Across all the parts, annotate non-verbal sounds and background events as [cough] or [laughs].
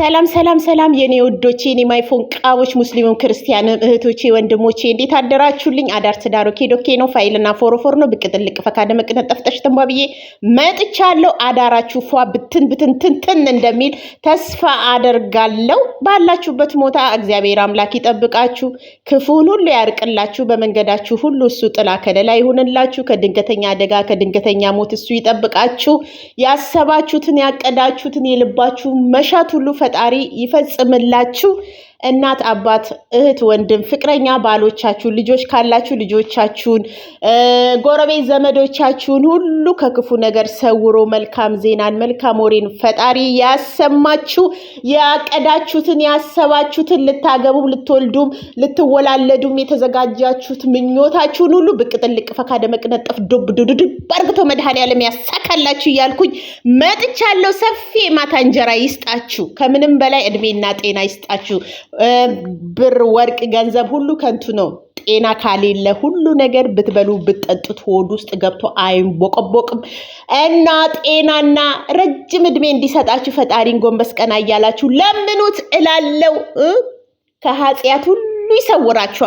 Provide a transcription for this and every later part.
ሰላም ሰላም ሰላም የኔ ውዶቼ የኔ ማይፎን ቃቦች ሙስሊሙም ክርስቲያንም እህቶቼ ወንድሞቼ እንዴት አደራችሁልኝ? አዳር ትዳሮ ኬዶኬ ነው። ፋይልና ፎሮፎር ነው። ብቅ ጥልቅ ፈካ ደመቅ ትንቧ ብዬ መጥቻለሁ። አዳራችሁ ፏ ብትን ብትን ትንትን እንደሚል ተስፋ አደርጋለሁ። ባላችሁበት ሞታ እግዚአብሔር አምላክ ይጠብቃችሁ፣ ክፉን ሁሉ ያርቅላችሁ፣ በመንገዳችሁ ሁሉ እሱ ጥላ ከለላ ይሁንላችሁ፣ ከድንገተኛ አደጋ ከድንገተኛ ሞት እሱ ይጠብቃችሁ፣ ያሰባችሁትን ያቀዳችሁትን የልባችሁ መሻት ሁሉ ፈጣሪ ይፈጽምላችሁ እናት፣ አባት፣ እህት፣ ወንድም፣ ፍቅረኛ፣ ባሎቻችሁን፣ ልጆች ካላችሁ ልጆቻችሁን፣ ጎረቤት ዘመዶቻችሁን ሁሉ ከክፉ ነገር ሰውሮ መልካም ዜናን መልካም ወሬን ፈጣሪ ያሰማችሁ። ያቀዳችሁትን ያሰባችሁትን ልታገቡም ልትወልዱም ልትወላለዱም የተዘጋጃችሁት ምኞታችሁን ሁሉ ብቅ ጥልቅ ፈካ ደመቅ ነጠፍ ዶብ ዱድድ አርግቶ መድኃኔዓለም ያሳካላችሁ እያልኩኝ መጥቻለሁ። ሰፊ የማታ እንጀራ ይስጣችሁ። ከምንም በላይ እድሜና ጤና ይስጣችሁ። ብር፣ ወርቅ፣ ገንዘብ ሁሉ ከንቱ ነው። ጤና ካሌለ ሁሉ ነገር ብትበሉ ብትጠጡት ሆድ ውስጥ ገብቶ አይንቦቀቦቅም እና ጤናና ረጅም እድሜ እንዲሰጣችሁ ፈጣሪን ጎንበስ ቀና እያላችሁ ለምኑት እላለው። ከኃጢአት ሁሉ ይሰውራችሁ።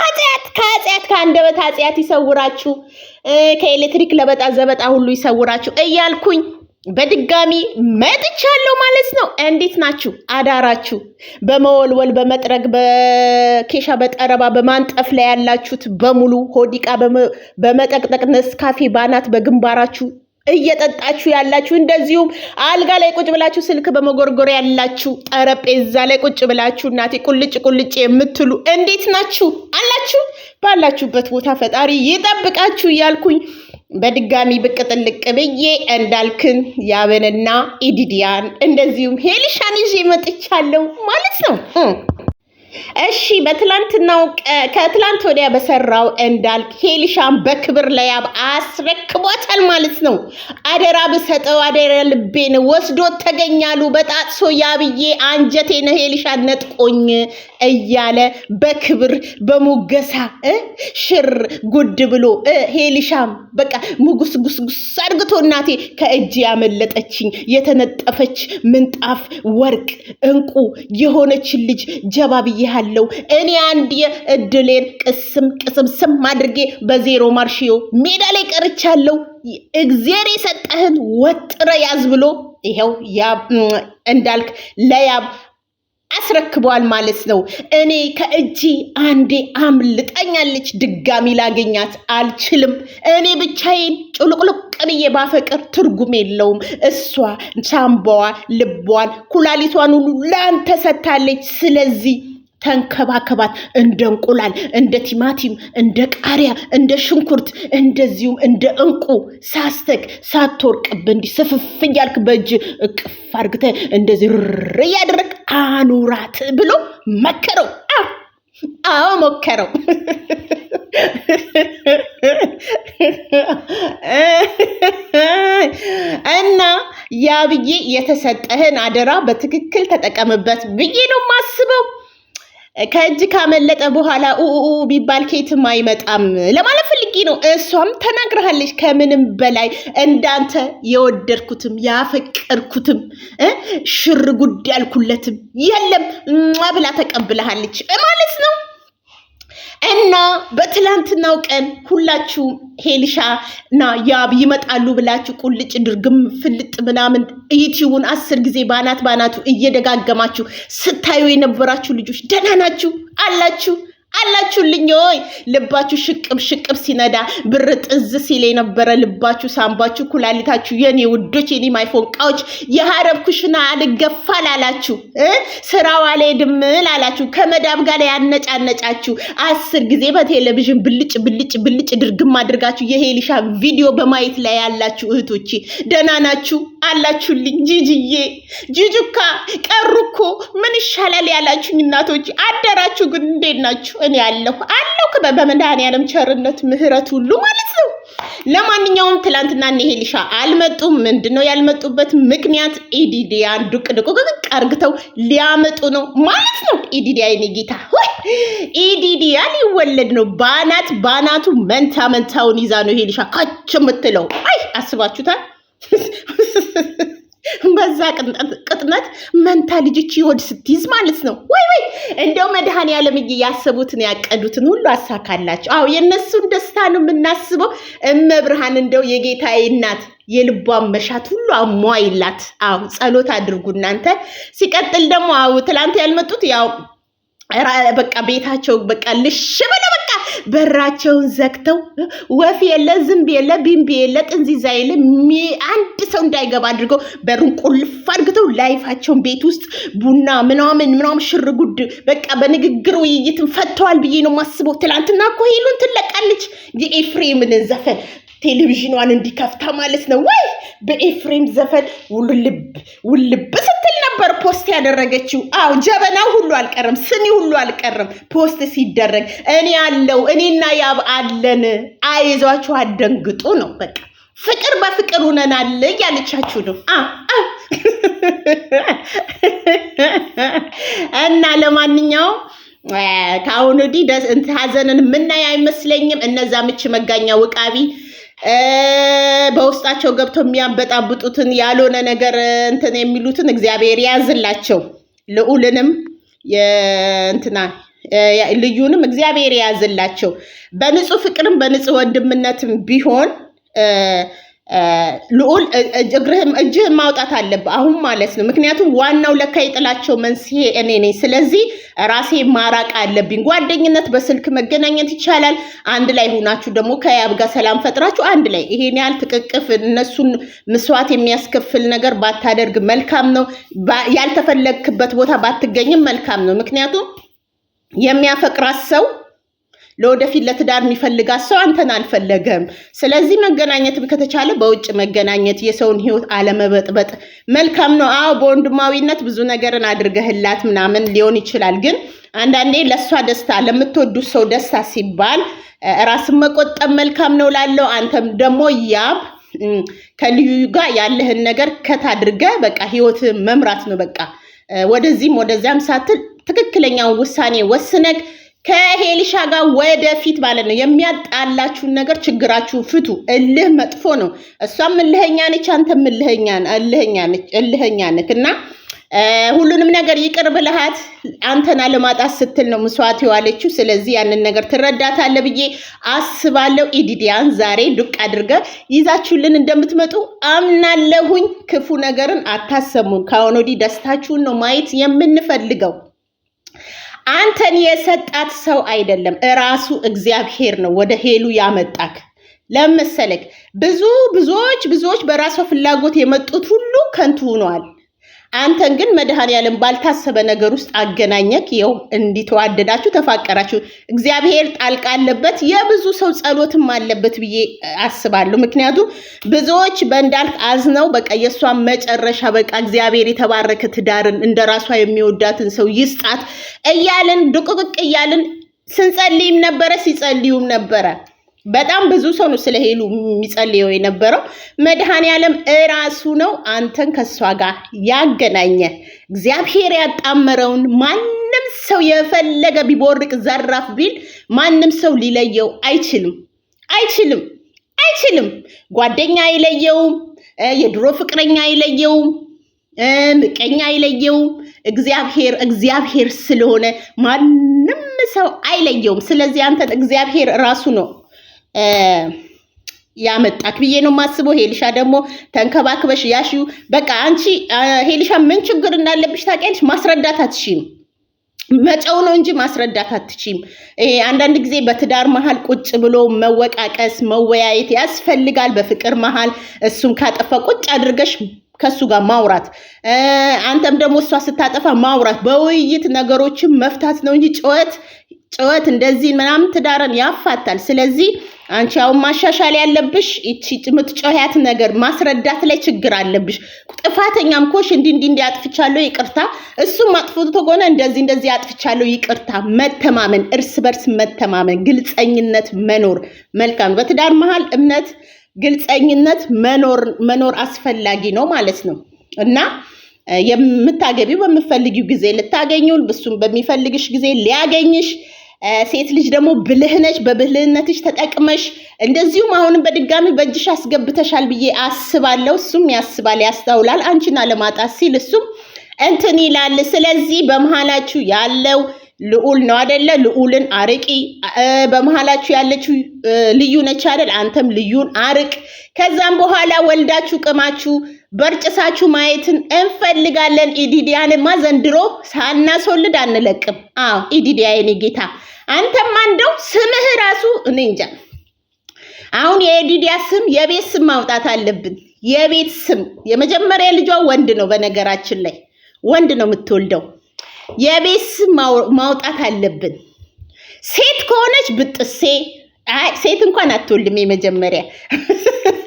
ኃጢአት ከኃጢአት ከአንደበት ኃጢአት ይሰውራችሁ። ከኤሌክትሪክ ለበጣ ዘበጣ ሁሉ ይሰውራችሁ እያልኩኝ በድጋሚ መጥቻለሁ ማለት ነው። እንዴት ናችሁ? አዳራችሁ በመወልወል በመጥረግ በኬሻ በጠረባ በማንጠፍ ላይ ያላችሁት በሙሉ ሆዲቃ በመጠቅጠቅ ነስካፌ ባናት በግንባራችሁ እየጠጣችሁ ያላችሁ እንደዚሁም አልጋ ላይ ቁጭ ብላችሁ ስልክ በመጎርጎር ያላችሁ ጠረጴዛ ላይ ቁጭ ብላችሁ እናቴ ቁልጭ ቁልጭ የምትሉ እንዴት ናችሁ? አላችሁ ባላችሁበት ቦታ ፈጣሪ ይጠብቃችሁ እያልኩኝ በድጋሚ ብቅ ጥልቅ ብዬ እንዳልክን ያብንና ኢዲዲያን እንደዚሁም ሄልሻን ይዤ መጥቻለሁ ማለት ነው። እሺ በትላንትናው ከትላንት ወዲያ በሰራው እንዳልክ ሄሊሻን በክብር ለያብ አስረክቦታል ማለት ነው። አደራ ብሰጠው አደራ ልቤን ወስዶ ተገኛሉ በጣጥሶ ያብዬ ነው ሄሊሻን ነጥቆኝ እያለ በክብር በሞገሳ ሽር ጉድ ብሎ ሄሊሻም በቃ ጉስ አድግቶ እናቴ ከእጅ ያመለጠችኝ የተነጠፈች ምንጣፍ ወርቅ እንቁ የሆነች ልጅ ጀባ ብዬ ያለው እኔ አንድ እድሌን ቅስም ቅስም ስም አድርጌ በዜሮ ማርሽዮ ሜዳ ላይ ቀርቻለሁ። እግዜር የሰጠህን ወጥረ ያዝ ብሎ ይኸው እንዳልክ ለያብ አስረክቧል ማለት ነው። እኔ ከእጅ አንዴ አምልጠኛለች፣ ድጋሚ ላገኛት አልችልም። እኔ ብቻዬን ጭሉቅሉቅ ብዬ ባፈቅር ትርጉም የለውም። እሷ ሳምባዋ፣ ልቧን፣ ኩላሊቷን ሁሉ ለአንተ ሰጥታለች። ስለዚህ ተንከባከባት። እንደ እንቁላል፣ እንደ ቲማቲም፣ እንደ ቃሪያ፣ እንደ ሽንኩርት እንደዚሁም እንደ እንቁ ሳስተክ ሳትወርቅብ እንዲህ ስፍፍ እያልክ በእጅ እቅፍ አርግተ እንደዚህ ርር እያደረግ አኑራት ብሎ መከረው። አዎ ሞከረው። እና ያ ብዬ የተሰጠህን አደራ በትክክል ተጠቀምበት ብዬ ነው የማስበው። ከእጅ ካመለጠ በኋላ ኡኡ ቢባል ኬትም አይመጣም ለማለት ፈልጌ ነው። እሷም ተናግራሃለች። ከምንም በላይ እንዳንተ የወደድኩትም ያፈቀርኩትም ሽር ጉድ ያልኩለትም የለም ብላ ተቀብለሃለች ማለት ነው። እና በትላንትናው ቀን ሁላችሁም ሄልሻ እና ያብ ይመጣሉ ብላችሁ ቁልጭ ድርግም ፍልጥ ምናምን እይቲውን አስር ጊዜ ባናት ባናቱ እየደጋገማችሁ ስታዩ የነበራችሁ ልጆች ደህና ናችሁ አላችሁ? አላችሁልኝ ወይ? ልባችሁ ሽቅብ ሽቅብ ሲነዳ ብር ጥዝ ሲል የነበረ ልባችሁ፣ ሳምባችሁ፣ ኩላሊታችሁ የኔ ውዶች፣ የኔ ማይፎን ቃዎች የሀረብ ኩሽና አልገፋ ላላችሁ ስራው አልሄድም ላላችሁ ከመዳብ ጋር ያነጫነጫችሁ አስር ጊዜ በቴሌቪዥን ብልጭ ብልጭ ብልጭ ድርግም አድርጋችሁ የሄሊሻ ቪዲዮ በማየት ላይ ያላችሁ እህቶቼ ደህና ናችሁ? አላችሁልኝ? ጂጂዬ ጂጁካ ቀሩኮ ምን ይሻላል ያላችሁኝ እናቶች አደራችሁ። ግን እንዴት ናችሁ? ቅን ያለሁ አለሁ በመድኃኒዓለም ቸርነት ምህረት ሁሉ ማለት ነው። ለማንኛውም ትላንትና እነ ሄሊሻ አልመጡም። ምንድን ነው ያልመጡበት ምክንያት? ኢዲዲያን ዱቅ ዱቅ አርግተው ሊያመጡ ነው ማለት ነው። ኢዲዲያ ኢዲዲያ ሊወለድ ነው። ባናት ባናቱ መንታ መንታውን ይዛ ነው ሄሊሻ ካች የምትለው። አይ አስባችሁታል። [laughs] በዛ ቅጥነት መንታ ልጅች ይወድ ስትይዝ ማለት ነው። ወይ ወይ እንደው መድኃኔ ዓለምዬ ያሰቡትን ያቀዱትን ሁሉ አሳካላቸው። አዎ የእነሱን ደስታ ነው የምናስበው። እመብርሃን እንደው የጌታዬ እናት የልቧን መሻት ሁሉ አሟይላት። አዎ ጸሎት አድርጉ እናንተ። ሲቀጥል ደግሞ አዎ ትላንት ያልመጡት ያው በቃ ቤታቸው በቃ ልሽ ብለው በቃ በራቸውን ዘግተው ወፍ የለ ዝንብ የለ ቢንቢ የለ ጥንዚዛ የለ አንድ ሰው እንዳይገባ አድርገው በሩን ቁልፍ አድርግተው ላይፋቸውን ቤት ውስጥ ቡና ምናምን ምናምን ሽርጉድ በቃ በንግግር ውይይትን ፈተዋል ብዬ ነው ማስበው። ትላንትና እኮ ሄሉን ትለቃለች የኤፍሬምን ዘፈን ቴሌቪዥኗን እንዲከፍታ ማለት ነው። ወይ በኤፍሬም ዘፈን ውልብ ስትል ነበር ፖስት ያደረገችው። አዎ ጀበናው ሁሉ አልቀርም፣ ስኒ ሁሉ አልቀርም። ፖስት ሲደረግ እኔ አለው እኔና ያብ አለን፣ አይዟችሁ አደንግጡ ነው በቃ ፍቅር በፍቅር ሁነናል እያለቻችሁ ነው። [laughs] እና ለማንኛውም ከአሁን ወዲህ ሀዘንን የምናይ አይመስለኝም። እነዛ ምች መጋኛ ውቃቢ በውስጣቸው ገብቶ የሚያበጣብጡትን ያልሆነ ነገር እንትን የሚሉትን እግዚአብሔር ያዝላቸው። ልዑልንም እንትና ልዩንም እግዚአብሔር የያዝላቸው በንጹህ ፍቅርም በንጹህ ወንድምነትም ቢሆን ልዑል እጅህ ማውጣት አለብህ አሁን ማለት ነው። ምክንያቱም ዋናው ለካ የጥላቸው መንስኤ እኔ ነኝ። ስለዚህ ራሴ ማራቅ አለብኝ። ጓደኝነት በስልክ መገናኘት ይቻላል። አንድ ላይ ሆናችሁ ደግሞ ከያብ ጋር ሰላም ፈጥራችሁ አንድ ላይ ይሄን ያህል ትቅቅፍ እነሱን ምስዋት የሚያስከፍል ነገር ባታደርግ መልካም ነው። ያልተፈለግክበት ቦታ ባትገኝም መልካም ነው። ምክንያቱም የሚያፈቅራት ሰው ለወደፊት ለትዳር የሚፈልጋት ሰው አንተን አልፈለገም። ስለዚህ መገናኘት ከተቻለ በውጭ መገናኘት፣ የሰውን ህይወት አለመበጥበጥ መልካም ነው። አዎ በወንድማዊነት ብዙ ነገርን አድርገህላት ምናምን ሊሆን ይችላል። ግን አንዳንዴ ለእሷ ደስታ ለምትወዱ ሰው ደስታ ሲባል ራስን መቆጠብ መልካም ነው ላለው አንተም ደግሞ ያብ ከልዩ ጋር ያለህን ነገር ከታድርገ በቃ ህይወት መምራት ነው። በቃ ወደዚህም ወደዚያም ሳትል ትክክለኛውን ውሳኔ ወስነግ ከሄልሻ ጋር ወደፊት ማለት ነው የሚያጣላችሁን ነገር ችግራችሁ ፍቱ። እልህ መጥፎ ነው። እሷም እልህኛ ነች፣ አንተም እልህኛ ነች እና ሁሉንም ነገር ይቅር ብልሃት አንተና ለማጣት ስትል ነው ምስዋት የዋለችው። ስለዚህ ያንን ነገር ትረዳታለህ ብዬ አስባለሁ። ኢዲዲያን ዛሬ ዱቅ አድርገ ይዛችሁልን እንደምትመጡ አምናለሁኝ። ክፉ ነገርን አታሰሙን። ከአሁን ወዲህ ደስታችሁን ነው ማየት የምንፈልገው። አንተን የሰጣት ሰው አይደለም፣ እራሱ እግዚአብሔር ነው ወደ ሄሉ ያመጣክ። ለመሰለክ ብዙ ብዙዎች ብዙዎች በራሷ ፍላጎት የመጡት ሁሉ ከንቱ ሆኗል። አንተን ግን መድኃኔዓለም ባልታሰበ ነገር ውስጥ አገናኘክ። ይኸው እንዲተዋደዳችሁ ተፋቀራችሁ። እግዚአብሔር ጣልቃ አለበት፣ የብዙ ሰው ጸሎትም አለበት ብዬ አስባለሁ። ምክንያቱም ብዙዎች በእንዳልክ አዝነው በቃ የእሷን መጨረሻ በቃ እግዚአብሔር የተባረከ ትዳርን እንደ ራሷ የሚወዳትን ሰው ይስጣት እያልን ድቁቅቅ እያልን ስንጸልይም ነበረ ሲጸልዩም ነበረ። በጣም ብዙ ሰው ነው ስለ ሄሉ የሚጸልየው የነበረው። መድኃኔ ዓለም እራሱ ነው አንተን ከእሷ ጋር ያገናኘ። እግዚአብሔር ያጣመረውን ማንም ሰው የፈለገ ቢቦርቅ ዘራፍ ቢል ማንም ሰው ሊለየው አይችልም፣ አይችልም፣ አይችልም። ጓደኛ አይለየውም፣ የድሮ ፍቅረኛ አይለየውም፣ ምቀኛ አይለየውም። እግዚአብሔር እግዚአብሔር ስለሆነ ማንም ሰው አይለየውም። ስለዚህ አንተ እግዚአብሔር ራሱ ነው ያመጣክ ብዬ ነው የማስበው። ሄልሻ ደግሞ ተንከባክበሽ ያሽው በቃ አንቺ ሄልሻ ምን ችግር እንዳለብሽ ታውቂያለሽ። ማስረዳት አትችይም፣ መጨው ነው እንጂ ማስረዳት አትችይም። አንዳንድ ጊዜ በትዳር መሀል ቁጭ ብሎ መወቃቀስ፣ መወያየት ያስፈልጋል። በፍቅር መሀል እሱም ካጠፋ ቁጭ አድርገሽ ከሱ ጋር ማውራት አንተም ደግሞ እሷ ስታጠፋ ማውራት፣ በውይይት ነገሮችን መፍታት ነው እንጂ ጩኸት ጭወት እንደዚህ ምናምን ትዳርን ያፋታል። ስለዚህ አንቺ አሁን ማሻሻል ያለብሽ እቺ የምትጮህያት ነገር ማስረዳት ላይ ችግር አለብሽ። ጥፋተኛም ኮሽ እንዲ እንዲ እንዲ አጥፍቻለሁ ይቅርታ፣ እሱም አጥፍቶ ከሆነ እንደዚህ እንደዚህ አጥፍቻለሁ ይቅርታ። መተማመን፣ እርስ በርስ መተማመን፣ ግልጸኝነት መኖር መልካም። በትዳር መሀል እምነት፣ ግልጸኝነት መኖር መኖር አስፈላጊ ነው ማለት ነው እና የምታገቢው በምፈልጊው ጊዜ ልታገኙል፣ ብሱም በሚፈልግሽ ጊዜ ሊያገኝሽ ሴት ልጅ ደግሞ ብልህ ነች። በብልህነትሽ ተጠቅመሽ እንደዚሁም አሁንም በድጋሚ በእጅሽ አስገብተሻል ብዬ አስባለሁ። እሱም ያስባል፣ ያስተውላል። አንቺን አለማጣት ሲል እሱም እንትን ይላል። ስለዚህ በመሀላችሁ ያለው ልዑል ነው አደለ? ልዑልን አርቂ። በመሀላችሁ ያለችው ልዩ ነች አደል? አንተም ልዩን አርቅ። ከዛም በኋላ ወልዳችሁ ቅማችሁ በርጭሳችሁ ማየትን እንፈልጋለን። ኢዲዲያንማ ዘንድሮ ሳናስወልድ አንለቅም። አዎ ኢዲዲያ የኔ ጌታ አንተም አንደው ስምህ ራሱ እኔ እንጃ። አሁን የኢዲዲያ ስም የቤት ስም ማውጣት አለብን። የቤት ስም የመጀመሪያ ልጇ ወንድ ነው። በነገራችን ላይ ወንድ ነው የምትወልደው። የቤት ስም ማውጣት አለብን። ሴት ከሆነች ብጥሴ፣ አይ ሴት እንኳን አትወልድም የመጀመሪያ [laughs]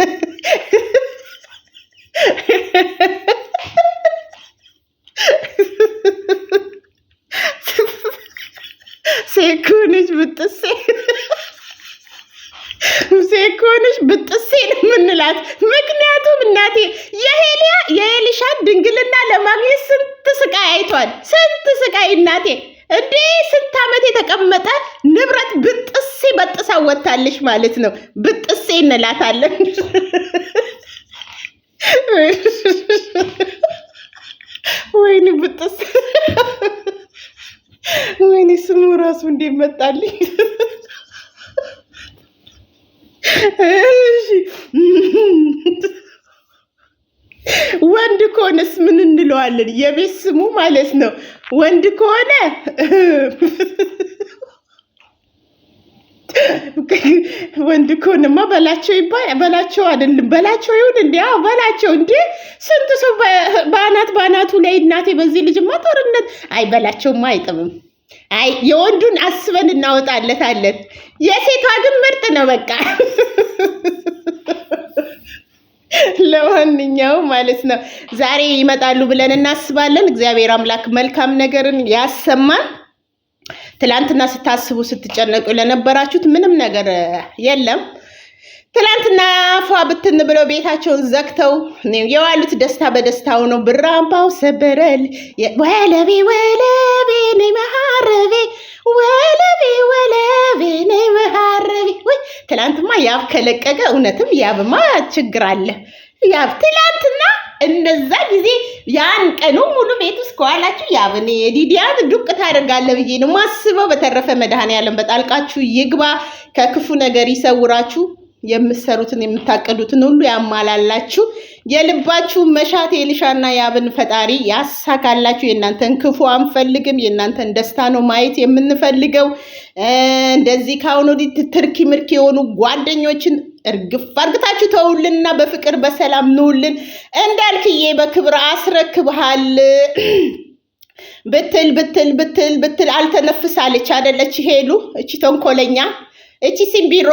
ሴት ሆነሽ ብጥሴ ሴት ብጥሴ ነው የምንላት። ምክንያቱም እናቴ የሄሊያ የሄሊሻን ድንግልና ለማግኘት ስንት ስቃይ አይቷል። ስንት ስቃይ እናቴ እንዴ ስንት ዓመት የተቀመጠ ንብረት ብጥሴ በጥሳ ወታለሽ ማለት ነው። ብጥሴ እንላታለን። ወይኔ ብጥስ ወይኔ ስሙ ራሱ እንዴት መጣልኝ? ወንድ ከሆነስ ምን እንለዋለን? የቤት ስሙ ማለት ነው። ወንድ ከሆነ [laughs] ወንድ ከሆንማ በላቸው ይባል በላቸው አይደለም በላቸው ይሁን እንዲ በላቸው እንዲ ስንት ሰው በአናት በአናቱ ላይ እናቴ፣ በዚህ ልጅማ ጦርነት። አይ በላቸውማ አይጥምም። አይ የወንዱን አስበን እናወጣለታለን። የሴቷ ግን ምርጥ ነው በቃ [laughs] ለማንኛውም ማለት ነው ዛሬ ይመጣሉ ብለን እናስባለን። እግዚአብሔር አምላክ መልካም ነገርን ያሰማን። ትላንትና ስታስቡ ስትጨነቁ ለነበራችሁት ምንም ነገር የለም። ትላንትና ፏ ብትን ብለው ቤታቸውን ዘግተው የዋሉት ደስታ በደስታው ነው። ብራምባው ሰበረል ወለቤ ወለቤ ነይ መሀረቤ ወለቤ ወለቤ ነይ መሀረቤ። ወይ ትላንትማ ያብ ከለቀቀ እውነትም ያብማ ችግር አለ ያብ ትላንትና እነዛ ጊዜ ያን ቀኑ ሙሉ ቤት ውስጥ ከኋላችሁ ያብን ዲዲያን ዱቅ ታደርጋለ ብዬ ነው ማስበው። በተረፈ መድኃኔዓለም በጣልቃችሁ ይግባ፣ ከክፉ ነገር ይሰውራችሁ፣ የምትሰሩትን የምታቀዱትን ሁሉ ያማላላችሁ፣ የልባችሁ መሻት የልሻና ያብን ፈጣሪ ያሳካላችሁ። የእናንተን ክፉ አንፈልግም፣ የእናንተን ደስታ ነው ማየት የምንፈልገው። እንደዚህ ከአሁኑ ትርኪ ምርኪ የሆኑ ጓደኞችን እርግፍ አርግታችሁ ተውልንና በፍቅር በሰላም ንውልን እንዳልክዬ በክብር አስረክብሃል ብትል ብትል ብትል ብትል አልተነፍሳለች አደለች ሄሉ እቺ ተንኮለኛ እቺ ሲምቢሮ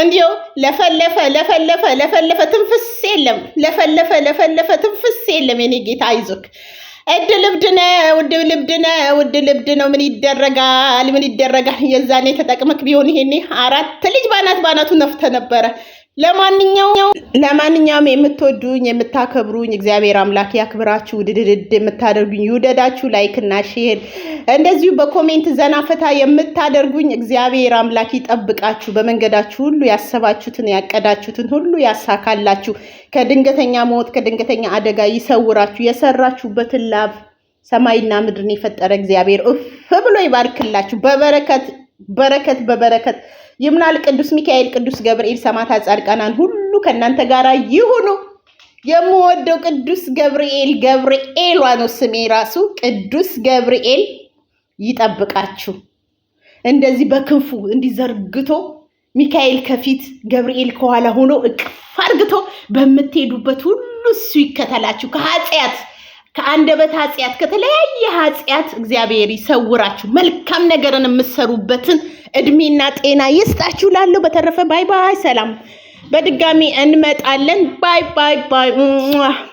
እንዲው ለፈለፈ ለፈለፈ ለፈለፈ ትንፍስ የለም ለፈለፈ ለፈለፈ ትንፍስ የለም የኔ ጌታ አይዞክ እድ ልብድ ነው እድ ልብድ ነው እድ ልብድ ነው። ምን ይደረጋል? ምን ይደረጋል? የዛኔ ተጠቅመክ ቢሆን ይሄኔ አራት ልጅ ባናት ባናቱ ነፍተ ነበረ። ለማንኛውም ለማንኛውም የምትወዱኝ የምታከብሩኝ እግዚአብሔር አምላክ ያክብራችሁ፣ ድድድድ የምታደርጉኝ ይውደዳችሁ። ላይክ እና ሼር እንደዚሁ በኮሜንት ዘና ፈታ የምታደርጉኝ እግዚአብሔር አምላክ ይጠብቃችሁ። በመንገዳችሁ ሁሉ ያሰባችሁትን ያቀዳችሁትን ሁሉ ያሳካላችሁ። ከድንገተኛ ሞት ከድንገተኛ አደጋ ይሰውራችሁ። የሰራችሁበትን ላብ ሰማይና ምድርን የፈጠረ እግዚአብሔር እፍ ብሎ ይባርክላችሁ በበረከት በረከት በበረከት ይምናል። ቅዱስ ሚካኤል፣ ቅዱስ ገብርኤል፣ ሰማዕታት፣ ጻድቃናን ሁሉ ከእናንተ ጋር ይሁኑ። የምወደው ቅዱስ ገብርኤል ገብርኤል ዋኖ ስሜ ራሱ ቅዱስ ገብርኤል ይጠብቃችሁ። እንደዚህ በክንፉ እንዲዘርግቶ ሚካኤል ከፊት ገብርኤል ከኋላ ሆኖ እቅፍ አርግቶ በምትሄዱበት ሁሉ እሱ ይከተላችሁ ከኃጢአት ከአንደበት ኃጢአት፣ ከተለያየ ኃጢአት እግዚአብሔር ይሰውራችሁ። መልካም ነገርን የምትሰሩበትን እድሜና ጤና ይስጣችሁ። ላለሁ በተረፈ ባይ ባይ፣ ሰላም። በድጋሚ እንመጣለን። ባይ ባይ ባይ።